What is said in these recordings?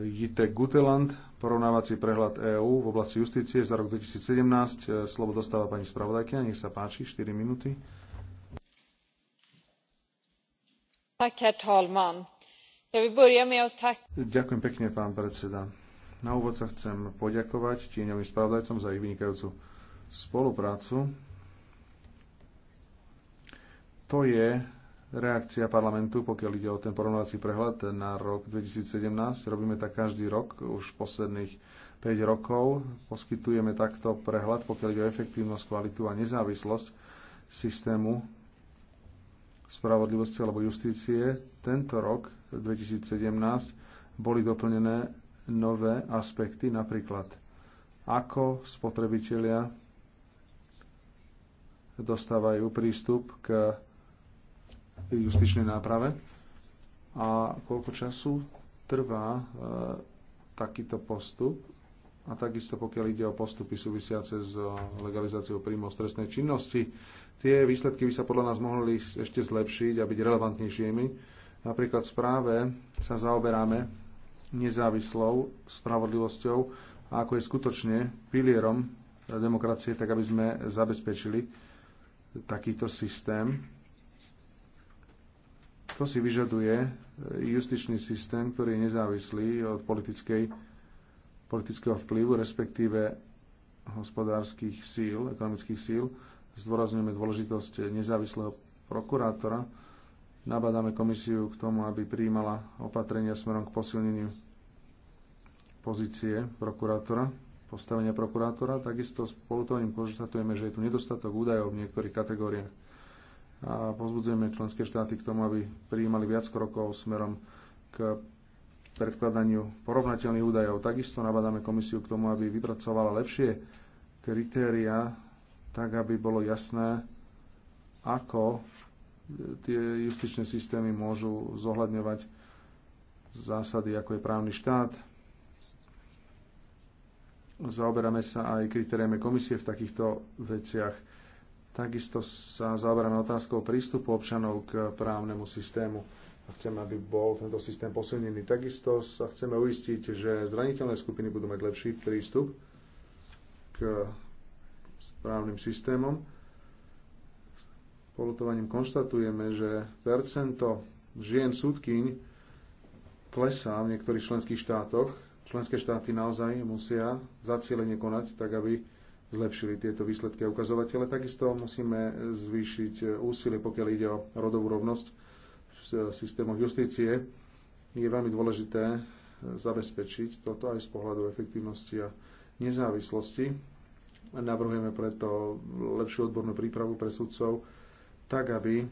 Jite Guteland, porovnávací prehľad EÚ v oblasti justície za rok 2017. E, Slovo dostáva pani spravodajkyňa, nech sa páči, 4 minúty. Ďakujem pekne, pán predseda. Na úvod sa chcem poďakovať tieňovým spravodajcom za ich vynikajúcu spoluprácu. To je reakcia parlamentu, pokiaľ ide o ten porovnávací prehľad na rok 2017. Robíme tak každý rok, už posledných 5 rokov. Poskytujeme takto prehľad, pokiaľ ide o efektívnosť, kvalitu a nezávislosť systému spravodlivosti alebo justície. Tento rok, 2017, boli doplnené nové aspekty, napríklad ako spotrebitelia dostávajú prístup k justičnej náprave a koľko času trvá e, takýto postup a takisto pokiaľ ide o postupy súvisiace s e, legalizáciou príjmov stresnej činnosti. Tie výsledky by sa podľa nás mohli ešte zlepšiť a byť relevantnejšími. Napríklad v správe sa zaoberáme nezávislou spravodlivosťou a ako je skutočne pilierom e, demokracie, tak aby sme zabezpečili takýto systém to si vyžaduje e, justičný systém, ktorý je nezávislý od politickej, politického vplyvu, respektíve hospodárskych síl, ekonomických síl. Zdôrazňujeme dôležitosť nezávislého prokurátora. Nabádame komisiu k tomu, aby prijímala opatrenia smerom k posilneniu pozície prokurátora, postavenia prokurátora. Takisto s polutovaním konštatujeme, že je tu nedostatok údajov v niektorých kategóriách a pozbudzujeme členské štáty k tomu, aby prijímali viac krokov smerom k predkladaniu porovnateľných údajov. Takisto nabadáme komisiu k tomu, aby vypracovala lepšie kritéria, tak aby bolo jasné, ako tie justičné systémy môžu zohľadňovať zásady, ako je právny štát. Zaoberáme sa aj kritériami komisie v takýchto veciach Takisto sa zaoberáme otázkou prístupu občanov k právnemu systému a chceme, aby bol tento systém posilnený. Takisto sa chceme uistiť, že zraniteľné skupiny budú mať lepší prístup k správnym systémom. Polutovaním konštatujeme, že percento žien súdkyň klesá v niektorých členských štátoch. Členské štáty naozaj musia zacielenie konať, tak aby zlepšili tieto výsledky a ukazovatele. Takisto musíme zvýšiť úsilie, pokiaľ ide o rodovú rovnosť v systémoch justície. Je veľmi dôležité zabezpečiť toto aj z pohľadu efektívnosti a nezávislosti. Navrhujeme preto lepšiu odbornú prípravu pre sudcov, tak aby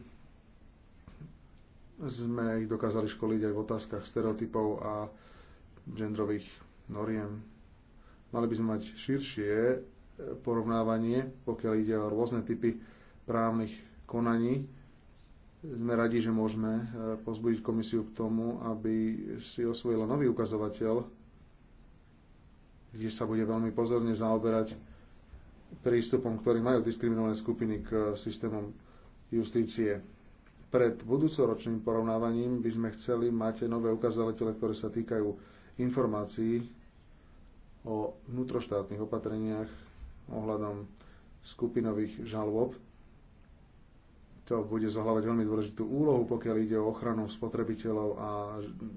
sme ich dokázali školiť aj v otázkach stereotypov a genderových noriem. Mali by sme mať širšie porovnávanie, pokiaľ ide o rôzne typy právnych konaní. Sme radi, že môžeme e, pozbudiť komisiu k tomu, aby si osvojila nový ukazovateľ, kde sa bude veľmi pozorne zaoberať prístupom, ktorý majú diskriminované skupiny k systémom justície. Pred budúcoročným porovnávaním by sme chceli mať nové ukazovatele, ktoré sa týkajú informácií o vnútroštátnych opatreniach ohľadom skupinových žalôb. To bude zohľavať veľmi dôležitú úlohu, pokiaľ ide o ochranu spotrebiteľov a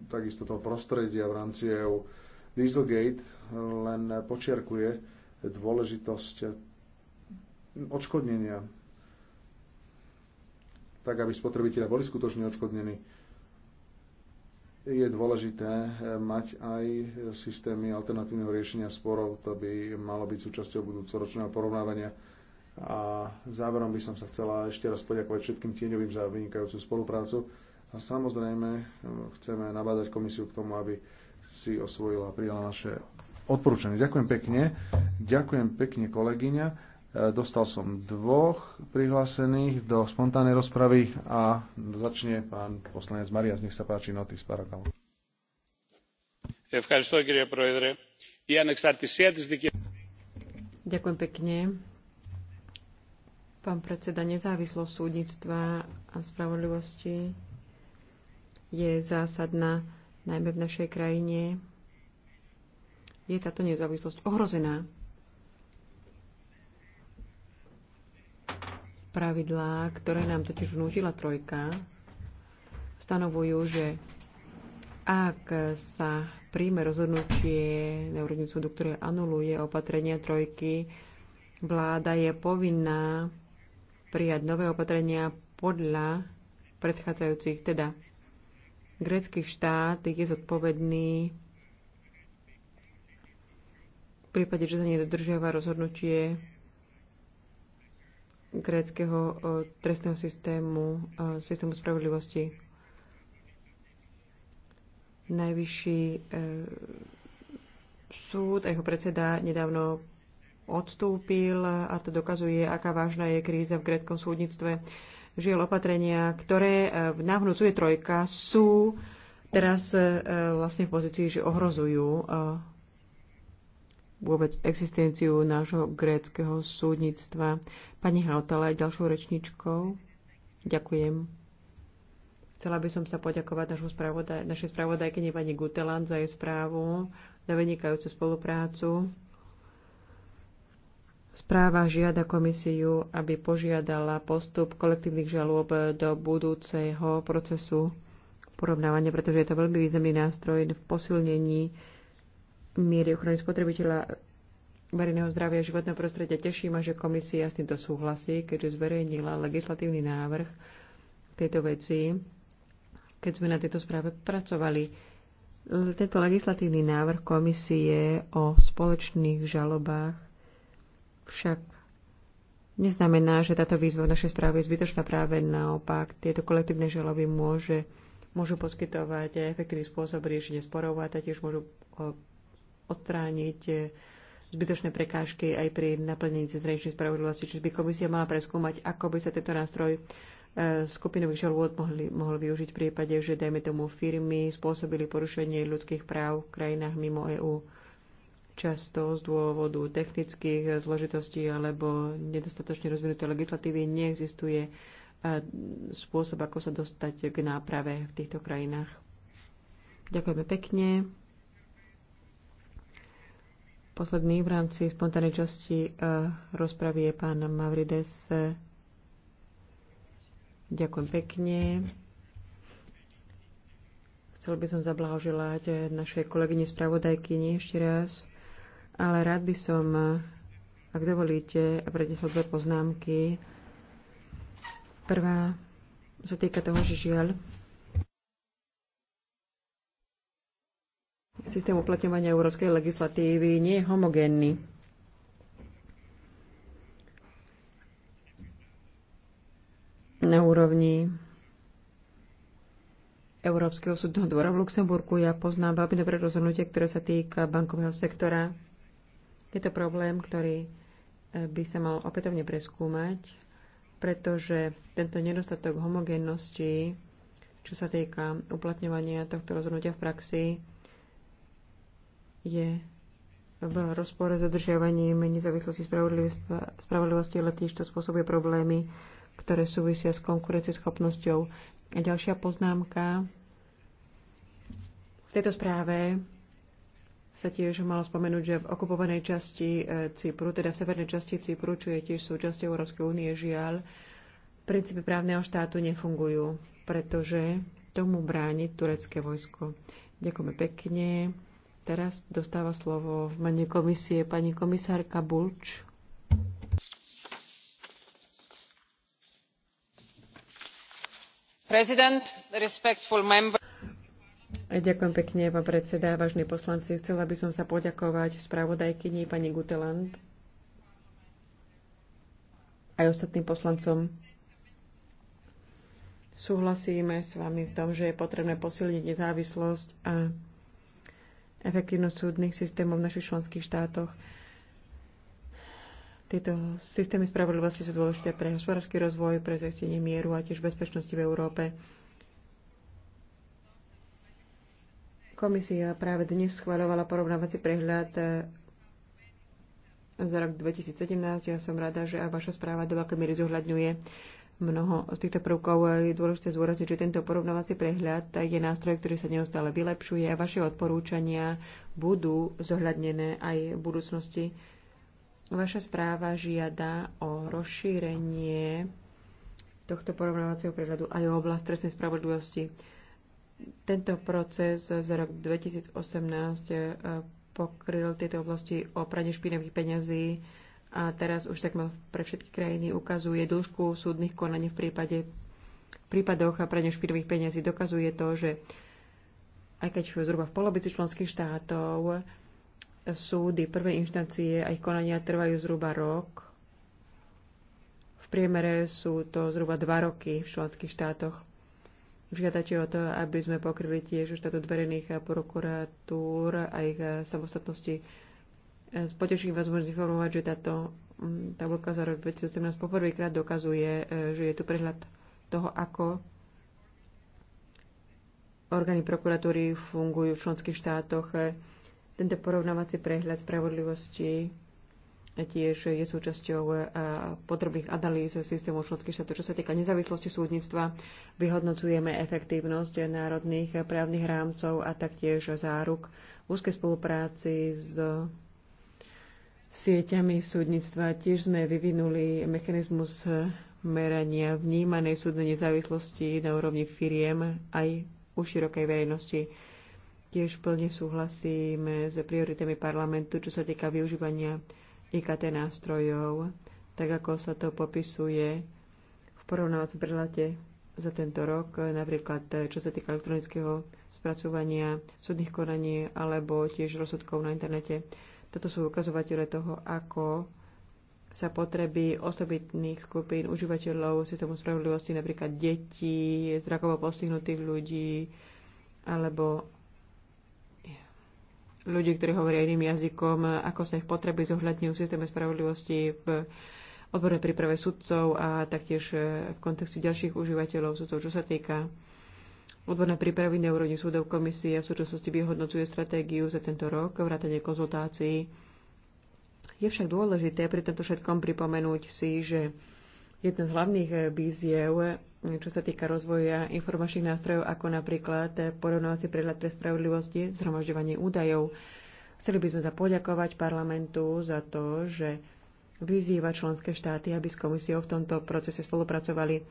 takisto toho prostredia v rámci EU. Dieselgate len počiarkuje dôležitosť odškodnenia, tak aby spotrebitelia boli skutočne odškodnení je dôležité eh, mať aj systémy alternatívneho riešenia sporov. To by malo byť súčasťou budúcoročného porovnávania. A záverom by som sa chcela ešte raz poďakovať všetkým tieňovým za vynikajúcu spoluprácu. A samozrejme eh, chceme nabádať komisiu k tomu, aby si osvojila a prijala naše odporúčanie. Ďakujem pekne. Ďakujem pekne, kolegyňa. E, dostal som dvoch prihlásených do spontánnej rozpravy a začne pán poslanec Marias. Nech sa páči, no, tých Parakalo. Ďakujem pekne. Pán predseda, nezávislosť súdnictva a spravodlivosti je zásadná najmä v našej krajine. Je táto nezávislosť ohrozená Pravidlá, ktoré nám totiž vnútila trojka, stanovujú, že ak sa príjme rozhodnutie na úrovni súdu, ktoré anuluje opatrenia trojky, vláda je povinná prijať nové opatrenia podľa predchádzajúcich. Teda grécky štát je zodpovedný v prípade, že sa nedodržiava rozhodnutie gréckého e, trestného systému, e, systému spravodlivosti. Najvyšší e, súd a jeho predseda nedávno odstúpil a to dokazuje, aká vážna je kríza v gréckom súdnictve. Žiel opatrenia, ktoré na vnúcuje trojka, sú teraz vlastne v pozícii, že ohrozujú vôbec existenciu nášho gréckého súdnictva. Pani Hautala je ďalšou rečničkou. Ďakujem. Chcela by som sa poďakovať našu spravodaj, našej spravodajkyni pani Guteland za jej správu, za vynikajúcu spoluprácu. Správa žiada komisiu, aby požiadala postup kolektívnych žalôb do budúceho procesu porovnávania, pretože je to veľmi významný nástroj v posilnení miery ochrany spotrebiteľa verejného zdravia a životného prostredia. Teší ma, že komisia s týmto súhlasí, keďže zverejnila legislatívny návrh tejto veci, keď sme na tejto správe pracovali. Tento legislatívny návrh komisie o spoločných žalobách však neznamená, že táto výzva v našej správe je zbytočná práve naopak. Tieto kolektívne žaloby môže, môžu poskytovať efektívny spôsob riešenia sporov a tiež môžu odstrániť zbytočné prekážky aj pri naplnení cezhraničnej spravodlivosti. Čiže by komisia mala preskúmať, ako by sa tento nástroj e, skupinových žalôd mohli, mohol využiť v prípade, že dajme tomu firmy spôsobili porušenie ľudských práv v krajinách mimo EÚ často z dôvodu technických zložitostí alebo nedostatočne rozvinuté legislatívy neexistuje e, spôsob, ako sa dostať k náprave v týchto krajinách. Ďakujeme pekne. Posledný v rámci spontánnej časti eh, rozpravy je pán Mavrides. Ďakujem pekne. Chcel by som zablahoželať eh, našej kolegyni spravodajkyni ešte raz, ale rád by som, eh, ak dovolíte, prednesol dve poznámky. Prvá sa týka toho, že žiaľ, systém uplatňovania európskej legislatívy nie je homogénny. Na úrovni Európskeho súdneho dvora v Luxemburku ja poznám veľmi dobré rozhodnutie, ktoré sa týka bankového sektora. Je to problém, ktorý e, by sa mal opätovne preskúmať, pretože tento nedostatok homogénnosti, čo sa týka uplatňovania tohto rozhodnutia v praxi, je v rozpore s održiavaním nezávislosti spravodlivosti, ale tiež to spôsobuje problémy, ktoré súvisia s konkurencieschopnosťou. A ďalšia poznámka. V tejto správe sa tiež malo spomenúť, že v okupovanej časti eh, Cypru, teda v severnej časti Cypru, čo je tiež súčasťou Európskej únie, žiaľ, princípy právneho štátu nefungujú, pretože tomu bráni turecké vojsko. Ďakujeme pekne. Teraz dostáva slovo v mene komisie pani komisárka Bulč. Ďakujem pekne, pán predseda, vážni poslanci. Chcela by som sa poďakovať spravodajkyni pani Guteland aj ostatným poslancom. Súhlasíme s vami v tom, že je potrebné posilniť nezávislosť a efektívnosť súdnych systémov v našich členských štátoch. Tieto systémy spravodlivosti sú dôležité pre hospodársky rozvoj, pre zaistenie mieru a tiež bezpečnosti v Európe. Komisia práve dnes schváľovala porovnávací prehľad za rok 2017. Ja som rada, že aj vaša správa do veľkej miery zohľadňuje mnoho z týchto prvkov. Je dôležité zúraziť, že tento porovnávací prehľad je nástroj, ktorý sa neustále vylepšuje a vaše odporúčania budú zohľadnené aj v budúcnosti. Vaša správa žiada o rozšírenie tohto porovnávacieho prehľadu aj o oblast trestnej spravodlivosti. Tento proces za rok 2018 eh, pokryl tieto oblasti o prane špinavých peňazí, a teraz už takmer pre všetky krajiny ukazuje dĺžku súdnych konaní v prípade v prípadoch a prane špinových peniazí. Dokazuje to, že aj keď sú zhruba v polovici členských štátov súdy prvej inštancie a ich konania trvajú zhruba rok, v priemere sú to zhruba dva roky v členských štátoch. Žiadate o to, aby sme pokryli tiež štátu dverejných prokuratúr a ich samostatnosti s vás môžem informovať, že táto mm, tabulka za rok 2017 poprvýkrát dokazuje, eh, že je tu prehľad toho, ako orgány prokuratúry fungujú v členských štátoch. Eh, tento porovnávací prehľad spravodlivosti eh, tiež je súčasťou podrobných analýz systému členských štátov. Čo sa týka nezávislosti súdnictva, vyhodnocujeme efektívnosť národných právnych rámcov a taktiež záruk úzkej spolupráci s sieťami súdnictva. Tiež sme vyvinuli mechanizmus merania vnímanej súdnej nezávislosti na úrovni firiem aj u širokej verejnosti. Tiež plne súhlasíme s prioritami parlamentu, čo sa týka využívania IKT nástrojov, tak ako sa to popisuje v porovnávacom prelate za tento rok, napríklad čo sa týka elektronického spracovania, súdnych konaní alebo tiež rozsudkov na internete. Toto sú ukazovatele toho, ako sa potreby osobitných skupín užívateľov systému spravodlivosti, napríklad detí, zrakovo postihnutých ľudí, alebo ľudí, ktorí hovoria iným jazykom, ako sa ich potreby zohľadňujú v systéme spravodlivosti v odbornej príprave sudcov a taktiež v kontexte ďalších užívateľov sudcov, čo sa týka odborné prípravy na úrovni súdov komisie v súčasnosti vyhodnocuje stratégiu za tento rok, vrátanie konzultácií. Je však dôležité pri tomto všetkom pripomenúť si, že jedna z hlavných eh, víziev, eh, čo sa týka rozvoja informačných nástrojov, ako napríklad eh, porovnávací prehľad pre spravodlivosti, zhromažďovanie údajov. Chceli by sme sa poďakovať parlamentu za to, že vyzýva členské štáty, aby s komisiou v tomto procese spolupracovali.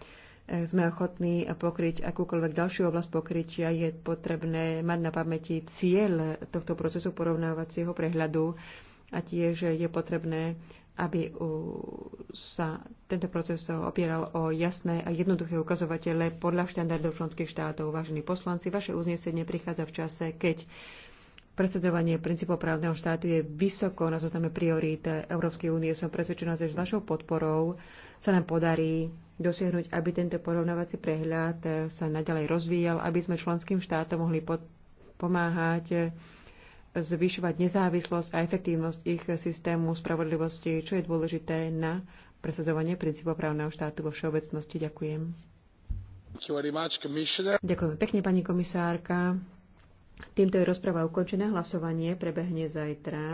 Eh, sme ochotní pokryť akúkoľvek ďalšiu oblasť pokrytia, je potrebné mať na pamäti cieľ tohto procesu porovnávacieho prehľadu a tiež je potrebné, aby sa tento proces opieral o jasné a jednoduché ukazovatele podľa štandardov členských štátov. Vážení poslanci, vaše uznesenie prichádza v čase, keď Predsedovanie princípov právneho štátu je vysoko na zozname priorít Európskej únie. Som presvedčená, že s vašou podporou sa nám podarí dosiahnuť, aby tento porovnávací prehľad sa naďalej rozvíjal, aby sme členským štátom mohli pomáhať zvyšovať nezávislosť a efektívnosť ich systému spravodlivosti, čo je dôležité na presadzovanie princípov právneho štátu vo všeobecnosti. Ďakujem. Ďakujem pekne, pani komisárka. Týmto je rozpráva ukončená. Hlasovanie prebehne zajtra.